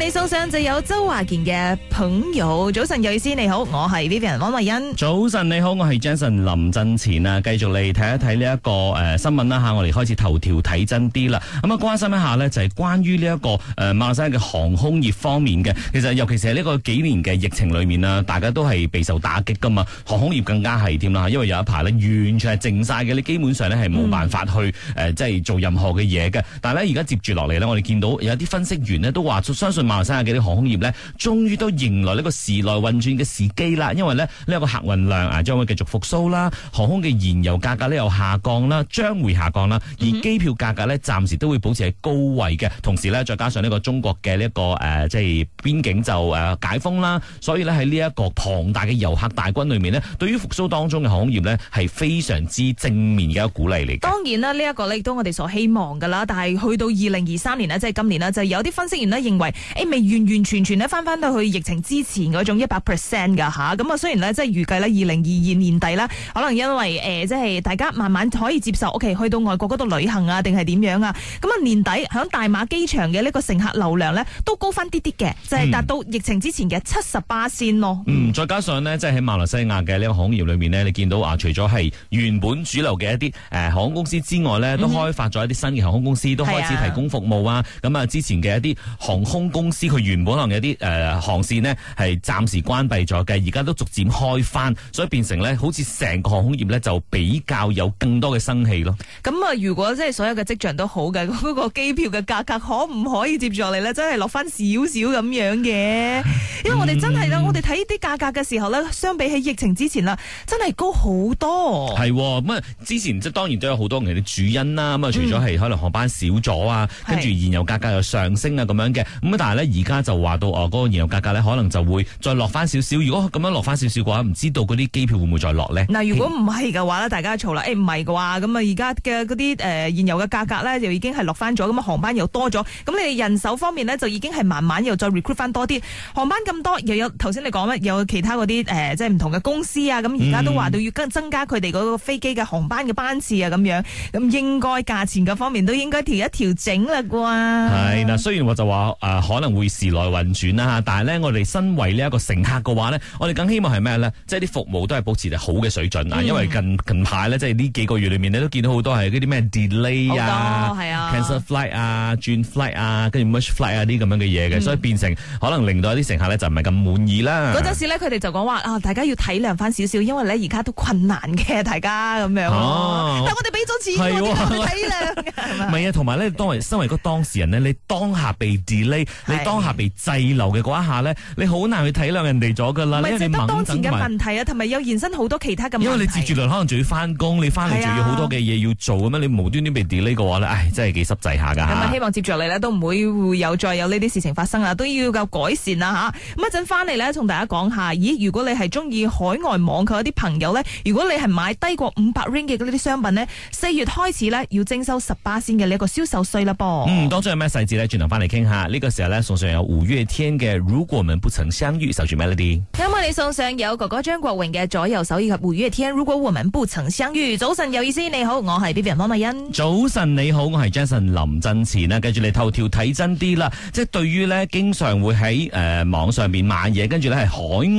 你送上就有周華健嘅朋友，早晨瑞意你好，我係 Vivian 汪慧欣。早晨你好，我係 Jason 林振前啊，繼續嚟睇一睇呢一個誒新聞啦吓，我哋開始頭條睇真啲啦。咁啊，關心一下咧，就係關於呢一個誒馬來西亞嘅航空業方面嘅，其實尤其是係呢個幾年嘅疫情裏面啦，大家都係備受打擊噶嘛，航空業更加係添啦，因為有一排咧完全係靜晒嘅，你基本上咧係冇辦法去誒即係做任何嘅嘢嘅。但係咧而家接住落嚟咧，我哋見到有一啲分析員咧都話，相信。馬來西亞嘅啲航空業咧，終於都迎來呢個時來運轉嘅時機啦。因為咧呢一、這個客運量啊，將會繼續復甦啦。航空嘅燃油價格咧又下降啦，將會下降啦。而機票價格咧，暫時都會保持喺高位嘅。同時呢，再加上呢個中國嘅呢一個誒，即、呃、係、就是、邊境就誒解封啦。所以呢，喺呢一個龐大嘅遊客大軍裏面咧，對於復甦當中嘅航空業呢，係非常之正面嘅一個鼓勵嚟嘅。當然啦，呢、這、一個咧亦都我哋所希望㗎啦。但係去到二零二三年呢，即、就、係、是、今年呢，就有啲分析員咧認為。誒，未完完全全咧翻翻到去疫情之前嗰種一百 percent 噶吓，咁啊雖然咧即係預計咧二零二二年底啦，可能因為誒、呃、即係大家慢慢可以接受，OK，去到外國嗰度旅行啊，定係點樣啊？咁啊年底響大馬機場嘅呢個乘客流量咧都高翻啲啲嘅，就係、是、達到疫情之前嘅七十八先咯。嗯。嗯，再加上咧即係喺馬來西亞嘅呢個行業裏面咧，你見到啊除咗係原本主流嘅一啲誒、呃、航空公司之外咧，都開發咗一啲新嘅航空公司、嗯，都開始提供服務啊。咁啊，啊之前嘅一啲航空公公司佢原本可能有啲誒航線呢，係暫時關閉咗嘅，而家都逐漸開翻，所以變成咧好似成個航空業咧就比較有更多嘅生氣咯。咁啊，如果即係所有嘅跡象都好嘅，嗰個機票嘅價格可唔可以接住嚟咧？真係落翻少少咁樣嘅，因為我哋真係咧、嗯，我哋睇呢啲價格嘅時候咧，相比起疫情之前啦，真係高好多。係咁啊，之前即當然都有好多唔同嘅主因啦。咁啊，除咗係可能航班少咗啊，跟、嗯、住燃油價格又上升啊，咁樣嘅。咁啊，但係。而家就話到哦，嗰個燃油價格咧可能就會再落翻少少。如果咁樣落翻少少嘅話，唔知道嗰啲機票會唔會再落呢？嗱，如果唔係嘅話，大家嘈啦，唔係嘅話，咁啊而家嘅嗰啲誒燃油嘅價格呢，就已經係落翻咗，咁航班又多咗，咁你哋人手方面呢，就已經係慢慢又再 recruit 翻多啲航班咁多，又有頭先你講啦，又有其他嗰啲誒即係唔同嘅公司啊，咁而家都話到要增加佢哋嗰個飛機嘅航班嘅班、班次啊，咁樣咁應該價錢嘅方面都應該調一調整啦啩。係嗱，雖然我就話可能會時來運轉啦但係咧，我哋身為呢一個乘客嘅話呢，我哋更希望係咩呢？即係啲服務都係保持得好嘅水準啊！嗯、因為近近排呢，即係呢幾個月裏面，你都見到好多係嗰啲咩 delay 啊，啊、cancel flight 啊、轉 flight 啊、跟住 much flight 啊啲咁樣嘅嘢嘅，所以變成可能令到一啲乘客呢就唔係咁滿意啦。嗰陣時呢，佢哋就講話、哦、大家要體諒返少少，因為呢而家都困難嘅，大家咁樣。哦、啊，但我哋俾咗錢，哦、我哋要體諒。唔係啊，同埋咧，當 身為個當事人咧，你當下被 delay。你當下被滯留嘅嗰一下咧，你好難去體諒人哋咗噶啦。唔係凈係當前嘅問題啊，同埋有延伸好多其他嘅問題。因為你接住嚟，可能仲要翻工，你翻嚟仲要好多嘅嘢要做咁樣，啊、你無端端被吊嘅話咧，唉，真係幾濕滯下噶咁啊，希望接住嚟咧，都唔會會有再有呢啲事情發生啊，都要夠改善啦嚇。咁一陣翻嚟咧，同大家講下，咦，如果你係中意海外網購一啲朋友咧，如果你係買低過五百 ring 嘅呢啲商品咧，四月開始咧要徵收十巴仙嘅呢一個銷售稅啦噃。嗯，當中有咩細節咧？轉頭翻嚟傾下，呢、呢個時候咧。送上有五月天嘅《如果我們不曾相遇》，守住 melody。今日你送上有哥哥張國榮嘅左右手以及五月天《如果我們不曾相遇》。早晨有意思，你好，我係 B B 魔美欣。早晨你好，我係 Jason 林振慈，呢，跟住你頭條睇真啲啦，即、就、係、是、對於咧，經常會喺誒、呃、網上面買嘢，跟住咧係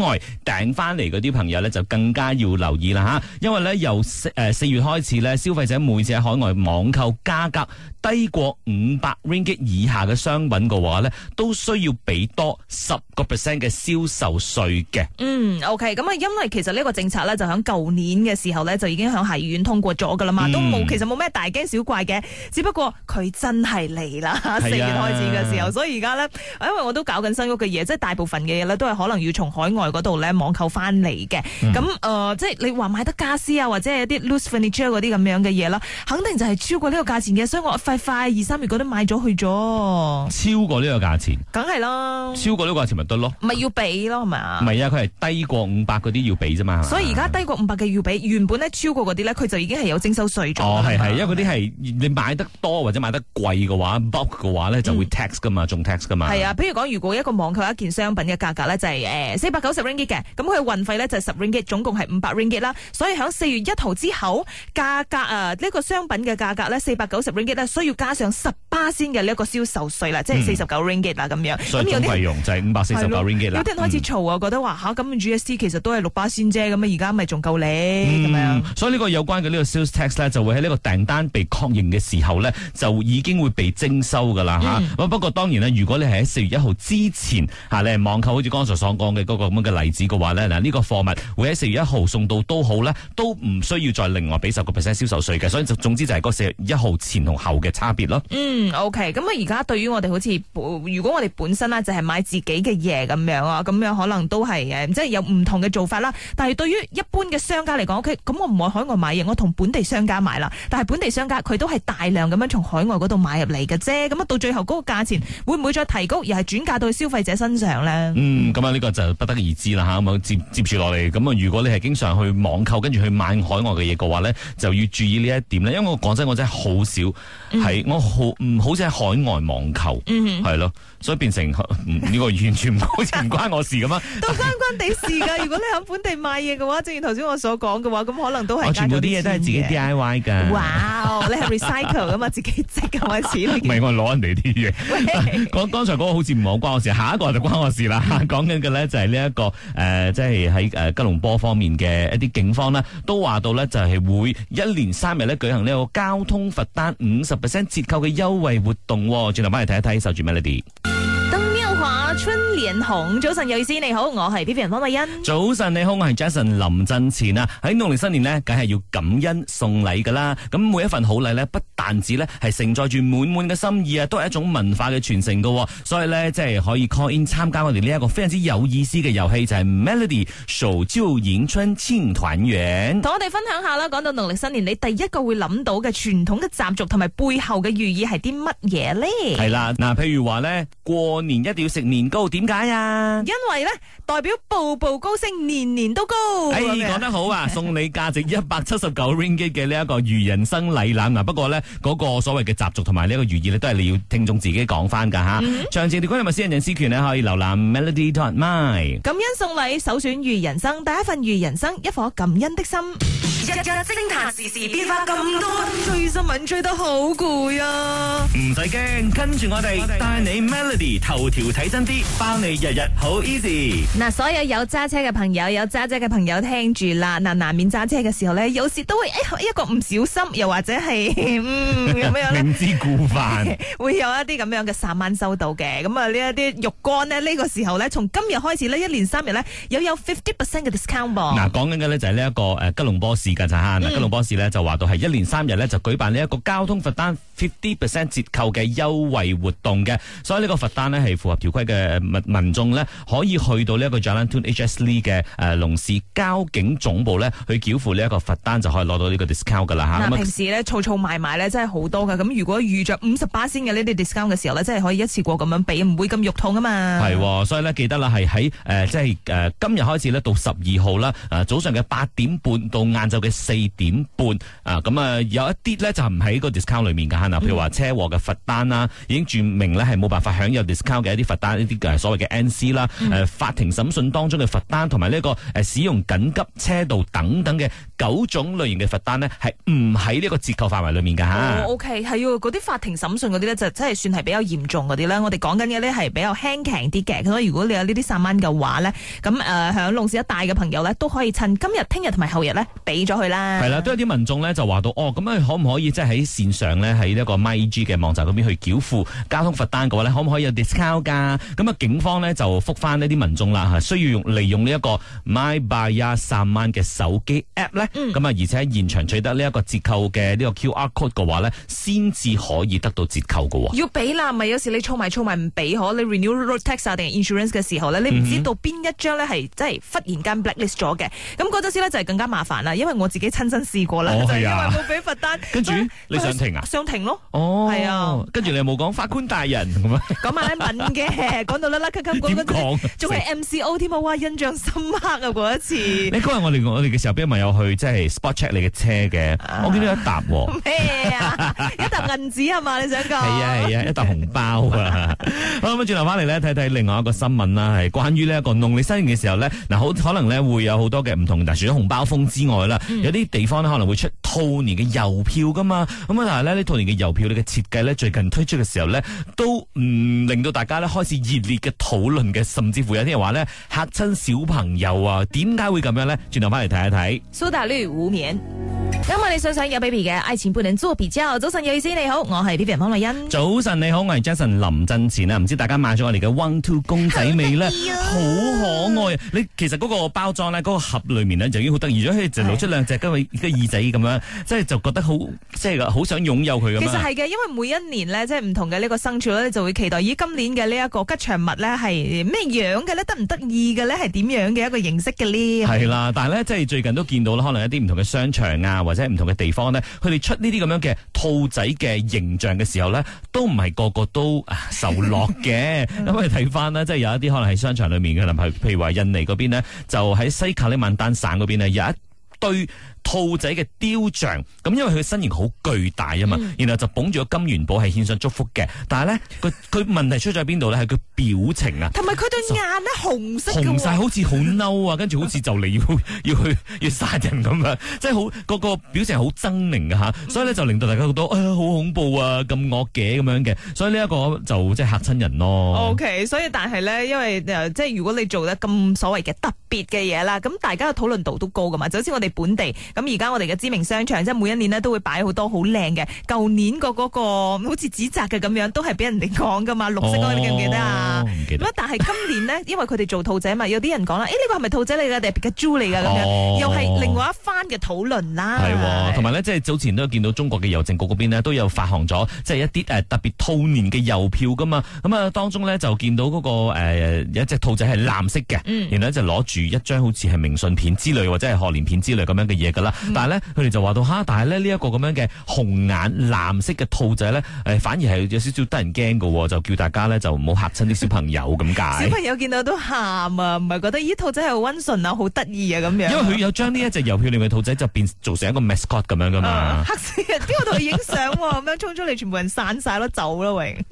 海外訂翻嚟嗰啲朋友呢，就更加要留意啦吓，因為呢，由四誒四月開始呢，消費者每次喺海外網購價格低過五百 ringgit 以下嘅商品嘅話呢。都需要俾多十個 percent 嘅銷售稅嘅。嗯，OK，咁啊，因為其實呢個政策咧就喺舊年嘅時候咧就已經喺下院通過咗噶啦嘛，嗯、都冇其實冇咩大驚小怪嘅，只不過佢真係嚟啦，四、啊、月開始嘅時候，所以而家咧，因為我都搞緊新屋嘅嘢，即、就、係、是、大部分嘅嘢咧都係可能要從海外嗰度咧網購翻嚟嘅。咁、嗯、誒，即係、呃就是、你話買得家私啊，或者係啲 loose furniture 嗰啲咁樣嘅嘢啦，肯定就係超過呢個價錢嘅，所以我快快二三月嗰啲買咗去咗，超過呢個價。梗係咯，超過呢個價錢咪得咯，咪要俾咯，係咪啊？唔係啊，佢係低過五百嗰啲要俾啫嘛。所以而家低過五百嘅要俾，啊，原本咧超過嗰啲咧，佢就已經係有徵收稅咗。哦，係係，嗯，因為嗰啲係你買得多或者買得貴嘅話，book 嘅，嗯、話咧就會 tax 噶嘛，仲 tax 噶嘛。係啊，譬如講，如果一個網購一件商品嘅價格咧就係誒四百九十 ringgit 嘅，咁佢運費咧就十 ringgit，總共係五百 ringgit 啦。所以喺四月一號之後，價格啊呢，呢個商品嘅價格咧四百九十 ringgit 咧，需要加上十巴仙嘅呢一個銷售稅啦，即係四十九 ringgit。啦咁樣，咁有啲費用就係五百四十九 ringgit 啦。有啲人開始嘈啊，覺得話嚇咁 GST 其實都係六巴仙啫，咁啊而家咪仲夠靚咁樣。所以呢、啊嗯、個有關嘅呢個 sales tax 咧，就會喺呢個訂單被確認嘅時候呢，就已經會被徵收噶啦嚇。不過當然呢，如果你係喺四月一號之前嚇、啊，你係網購，好似剛才所講嘅嗰個咁嘅例子嘅話呢，嗱、這、呢個貨物會喺四月一號送到都好呢，都唔需要再另外俾十個 percent 銷售稅嘅。所以就總之就係嗰四月一號前同後嘅差別咯。嗯，OK。咁啊而家對於我哋好似如果我哋本身啦，就係買自己嘅嘢咁樣啊，咁樣可能都係即係有唔同嘅做法啦。但係對於一般嘅商家嚟講，OK，咁我唔喺海外買嘢，我同本地商家買啦。但係本地商家佢都係大量咁樣從海外嗰度買入嚟嘅啫。咁啊，到最後嗰個價錢會唔會再提高，而係轉嫁到消費者身上咧？嗯，咁啊，呢個就不得而知啦吓。咁、嗯、接接住落嚟，咁啊，如果你係經常去網購，跟住去買海外嘅嘢嘅話咧，就要注意呢一點咧。因為我講真，我真係好少係、嗯、我好唔好少喺海外網購，係、嗯、咯。所以變成呢、這個完全唔 關我的事咁啊？都關關地事噶。 如果你喺本地買嘢嘅話，正如頭先我所講嘅話，咁可能都係。我全部啲嘢都係自己 D I Y 噶。哇、wow！你係 recycle 㗎嘛？ 自己積咁多錢。唔 係，我攞人哋啲嘢。講剛才嗰個好似唔好關我事，下一個就關我事啦。講緊嘅咧就係呢一個誒，即係喺誒吉隆坡方面嘅一啲警方啦，都話到咧就係會一連三日咧舉行呢個交通罰單五十 percent 折扣嘅優惠活動。轉頭翻嚟睇一睇守住 Melody。馬春。認同早晨有意思，你好，我係 B 方慧欣。早晨你好，我係 Jason 林振前啊！喺農曆新年呢，梗係要感恩送禮噶啦。咁每一份好禮呢，不但止呢，係承載住滿滿嘅心意啊，都係一種文化嘅傳承噶。所以呢，即係可以 call in 參加我哋呢一個非常之有意思嘅遊戲，就係、是、Melody 手照迎春慶團圓。同我哋分享下啦，講到農曆新年，你第一個會諗到嘅傳統嘅習俗同埋背後嘅寓意係啲乜嘢呢？係啦，嗱，譬如話呢，過年一定要食年糕，點解啊！因為咧，代表步步高升，年年都高。哎，講得好啊！送你價值一百七十九 Ringgit 嘅呢一個娛人生禮籃。嗱，不過咧，嗰個所謂嘅習俗同埋呢一個寓意咧，都係你要聽眾自己講翻噶吓。詳情有關禮物私人隱私權咧，可以瀏覽 Melody.my。感恩送禮首選娛人生，第一份娛人生，一顆感恩的心。日日偵探時時變化咁多，追新聞追得好攰啊！唔使驚，跟住我哋帶你 Melody 頭條睇真啲，包你日日好 easy。嗱，所有有揸車嘅朋友、有揸車嘅朋友聽住啦！嗱，難免揸車嘅時候咧，有時都會一個唔小心，又或者係嗯咁樣咧，唔 知故犯， 會有一啲咁樣嘅三晚收到嘅。咁啊，呢一啲肉乾呢，呢個時候咧，從今日開始呢，一連三日咧，有有 fifty percent 嘅 discount 噃、這個。嗱，講緊嘅咧就係呢一個誒吉隆坡市。嘅陳嗱，金龍博士呢就話到係一連三日呢，就舉辦呢一個交通罰單50%折扣嘅優惠活動嘅，所以呢個罰單呢係符合條規嘅民民眾呢，可以去到呢一個 Jalan Tun H S l e 嘅誒龍氏交警總部呢，去繳付呢一個罰單就可以攞到呢個 discount 㗎啦嚇。平時呢，嘈嘈埋埋呢真係好多噶，咁如果遇着五十八仙嘅呢啲 discount 嘅時候呢，真係可以一次過咁樣俾，唔會咁肉痛啊嘛。係、嗯哦，所以呢，記得啦，係喺誒即係誒、呃、今日開始呢，到十二號啦，誒早上嘅八點半到晏晝嘅。四點半啊，咁、呃、啊有一啲咧就唔喺個 discount 裏面嘅嚇嗱，譬如話車禍嘅罰單啦、嗯，已經注明咧係冇辦法享有 discount 嘅一啲罰單，呢啲嘅所謂嘅 NC 啦、嗯，誒、啊、法庭審訊當中嘅罰單，同埋呢一個使用緊急車道等等嘅九種類型嘅罰單呢，係唔喺呢個折扣範圍裏面嘅嚇。O K 係喎，嗰、okay，啲法庭審訊嗰啲咧就真係算係比較嚴重嗰啲咧。我哋講緊嘅呢係比較輕強啲嘅，所以如果你有呢啲散蚊嘅話呢，咁誒喺隆市一帶嘅朋友呢，都可以趁今日、聽日同埋後日呢，俾咗去啦，係啦，都有啲民眾咧就話到哦，咁啊可唔可以即係喺線上咧喺呢個 MyEG 嘅網站嗰邊去繳付交通罰單嘅話呢？可唔可以有 discount 噶？咁啊警方咧就覆翻呢啲民眾啦，需要用利用呢一個 MyBayar Saman 嘅手機 app 呢。咁、嗯、啊而且現場取得呢一個折扣嘅呢個 QR code 嘅話呢，先至可以得到折扣㗎喎。要俾啦，咪？有時你儲埋儲埋唔俾可，你 Renew road tax 定 insurance 嘅時候呢，你唔知道邊一張呢係即係忽然間 blacklist 咗嘅，咁嗰陣時就係更加麻煩啦，因為我自己親身試過啦，就、哦啊、因為冇俾罰單。跟住你想停啊？想停咯。哦，係啊。跟住你有冇講法官大人咁 啊？講埋啲文嘅，講到拉拉級級，仲係 M C O 添 啊！哇，印象深刻啊嗰一次。嗰 日我哋 我哋嘅時候，邊日咪有去即係 spot check 你嘅車嘅、啊？我見到一沓喎、啊。咩啊？一沓銀紙啊嘛？你想講？係啊係啊，一沓紅包啊！ 好，咁啊，轉頭翻嚟咧睇睇另外一個新聞啦，係關於咧個農曆新年嘅時候呢，嗱好可能咧會有好多嘅唔同，除咗紅包風之外啦。嗯、有啲地方咧可能會出兔年嘅郵票㗎嘛，咁但係咧呢兔年嘅郵票，你嘅設計咧最近推出嘅時候咧，都唔、嗯、令到大家咧開始熱烈嘅討論嘅，甚至乎有啲人話咧嚇親小朋友啊，點解會咁樣咧？轉頭翻嚟睇一睇，蘇打綠無眠。咁我哋想想有 B a B y 嘅愛情伴侶豬 B 蕉，早晨有意思。你好，我係 B B 方麗欣。早晨你好，我係 Jason 林振前啊！唔知大家買咗我哋嘅 One Two 公仔未呢、哦？好可愛！你其實嗰個包裝呢，嗰、嗰個盒裏面咧就已經好得意咗，佢就露出兩隻跟嘅耳仔咁樣，即係就覺得好即係好想擁有佢咁。其實係嘅，因為每一年呢，即係唔同嘅呢個生肖咧，就會期待以今年嘅呢一個吉祥物咧係咩樣嘅咧？得唔得意嘅咧？係點樣嘅一個形式嘅呢？係啦，但係咧即係最近都見到可能一啲唔同嘅商場啊。或者唔同嘅地方咧，佢哋出呢啲咁樣嘅兔仔嘅形象嘅時候咧，都唔係個個都啊受落嘅。咁 我哋睇翻呢，即係有一啲可能喺商場裏面嘅，譬如話印尼嗰邊呢，就喺西卡里曼丹省嗰邊呢。有一。對兔仔嘅雕像，咁因為佢身形好巨大啊嘛、嗯，然後就捧住個金元寶係獻上祝福嘅，但係咧佢佢問題出咗喺邊度咧？係佢表情啊，同埋佢對眼咧紅色，紅晒好似好嬲啊，跟住好似就嚟要要去要殺人咁啊，即係好個個表情好猙獰嘅吓，所以咧就令到大家覺得呀，好、嗯哎、恐怖啊，咁惡嘅咁樣嘅，所以呢一個就即係吓親人咯。O、okay, K，所以但係咧，因為、呃、即係如果你做得咁所謂嘅特別嘅嘢啦，咁大家嘅討論度都高噶嘛。就好似我哋。本地咁而家我哋嘅知名商場，即係每一年呢都會擺、那個、好多好靚嘅。舊年個嗰個好似紙紮嘅咁樣，都係俾人哋講噶嘛，綠色嗰個、哦、你記唔記得啊？唔記得。咁、哦、啊，但係今年呢，因為佢哋做兔仔嘛，有啲人講啦，誒、欸、呢、呢個係咪兔仔嚟噶？定係個豬嚟噶咁樣？又係另外一。嘅討論啦，係同埋咧，即係早前都見到中國嘅郵政局嗰邊咧，都有發行咗即係一啲誒特別兔年嘅郵票噶嘛。咁啊，當中咧就見到嗰、嗰個有、呃、一隻兔仔係藍色嘅、嗯，然後咧就攞住一張好似係明信片之類或者係賀年片之類咁樣嘅嘢噶啦。但係咧，佢哋就話到嚇、啊，但係咧呢一個咁樣嘅紅眼藍色嘅兔仔咧，誒反而係有少少得人驚噶，就叫大家咧就唔好嚇親啲小朋友咁解。小朋友見到都喊啊，唔係覺得呢兔仔係好温順啊，好得意啊咁樣。因為佢有將呢一隻郵票嚟嘅仔就變做成一個 mascot 咁樣噶嘛？啊、黑死人！邊個同佢影相喎？咁樣衝出嚟，全部人散晒咯，走咯、啊、喂，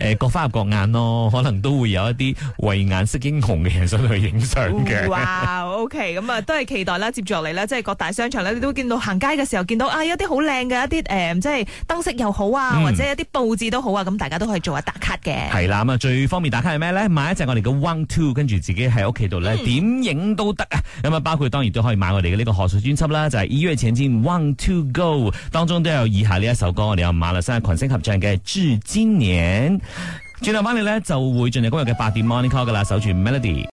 誒，各花入各眼咯，可能都會有一啲慧眼識英雄嘅人想去影相嘅。哇， 哇，OK，咁、嗯、啊，都係期待啦，接住落嚟啦，即、就、係、是、各大商場咧，你都見到行街嘅時候見到啊，有啲好靚嘅一啲誒，即係燈飾又好啊，或者一啲布置都好啊，咁大家都可以做下打卡嘅。係、嗯、啦，咁啊最方便打卡係咩咧？買一隻我哋嘅 one two，跟住自己喺屋企度咧點影都得啊！咁、嗯、啊，包括當然都可以買我哋嘅呢個賀歲專輯。就係、是、一月前進，one to go，當中都有以下呢一首歌，我哋有馬來西亞群星合唱嘅《至今年》。轉頭翻嚟咧，就會進入今日嘅八點 Morning Call 噶啦，守住 Melody。